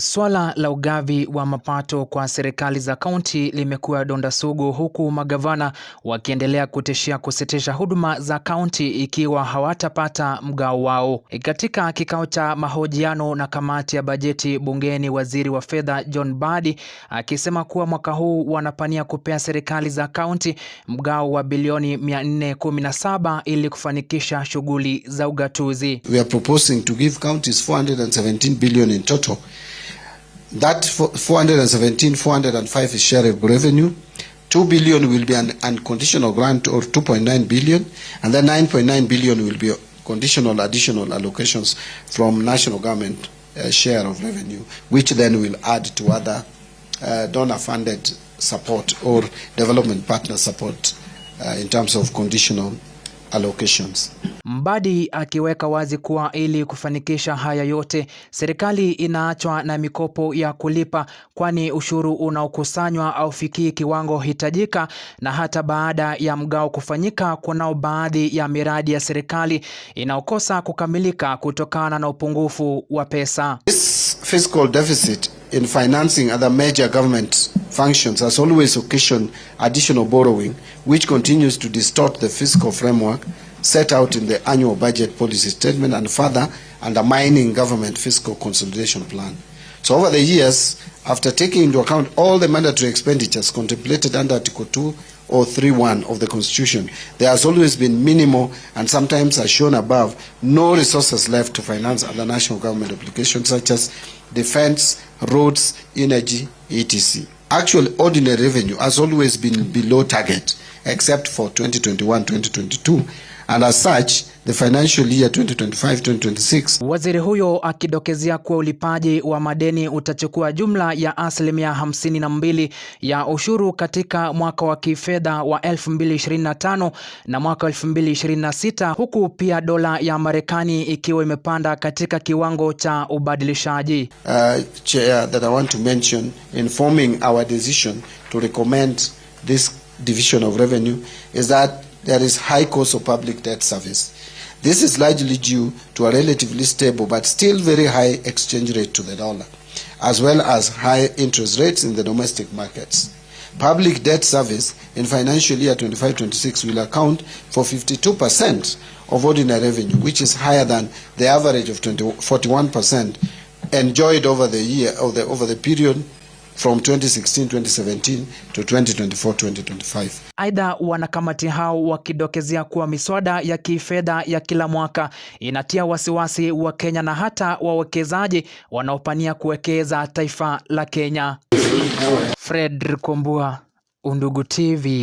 Swala la ugavi wa mapato kwa serikali za kaunti limekuwa donda sugu, huku magavana wakiendelea kutishia kusitisha huduma za kaunti ikiwa hawatapata mgao wao. E, katika kikao cha mahojiano na kamati ya bajeti bungeni, waziri wa fedha John Badi akisema kuwa mwaka huu wanapania kupea serikali za kaunti mgao wa bilioni 417 ili kufanikisha shughuli za ugatuzi. We are proposing to give counties 417 billion in total. That 417, 405 is share of revenue. 2 billion will be an unconditional grant or 2.9 billion, and then 9.9 billion will be conditional additional allocations from national government uh, share of revenue, which then will add to other uh, donor-funded support or development partner support uh, in terms of conditional allocations. Mbadi akiweka wazi kuwa ili kufanikisha haya yote, serikali inaachwa na mikopo ya kulipa, kwani ushuru unaokusanywa haufikii kiwango hitajika, na hata baada ya mgao kufanyika, kunao baadhi ya miradi ya serikali inaokosa kukamilika kutokana na upungufu wa pesa. This fiscal deficit in financing other major government functions has always occasioned additional borrowing which continues to distort the fiscal framework set out in the annual budget policy statement and further undermining government fiscal consolidation plan. So over the years, after taking into account all the mandatory expenditures contemplated under Article 2 or 31 of the Constitution, there has always been minimal and sometimes, as shown above, no resources left to finance other national government obligations such as defense, roads, energy, etc. Actual ordinary revenue has always been below target, except for 2021-2022, and as such the financial year 2025-2026. Waziri huyo akidokezea kuwa ulipaji wa madeni utachukua jumla ya asilimia 52 ya ushuru katika mwaka wa kifedha wa 2025 na mwaka 2026, huku pia dola ya Marekani ikiwa imepanda katika kiwango cha ubadilishaji. Uh, chair, that I want to mention informing our decision to recommend this division of revenue is that there is high cost of public debt service. This is largely due to a relatively stable but still very high exchange rate to the dollar, as well as high interest rates in the domestic markets. Public debt service in financial year 25-26 will account for 52% of ordinary revenue, which is higher than the average of 20, 41% enjoyed over the year or the, over the period from 2016-2017 to 2024-2025. Aidha, wanakamati hao wakidokezea kuwa miswada ya kifedha ya kila mwaka inatia wasiwasi wa Kenya na hata wawekezaji wanaopania kuwekeza taifa la Kenya. Fred Kombua, Undugu TV.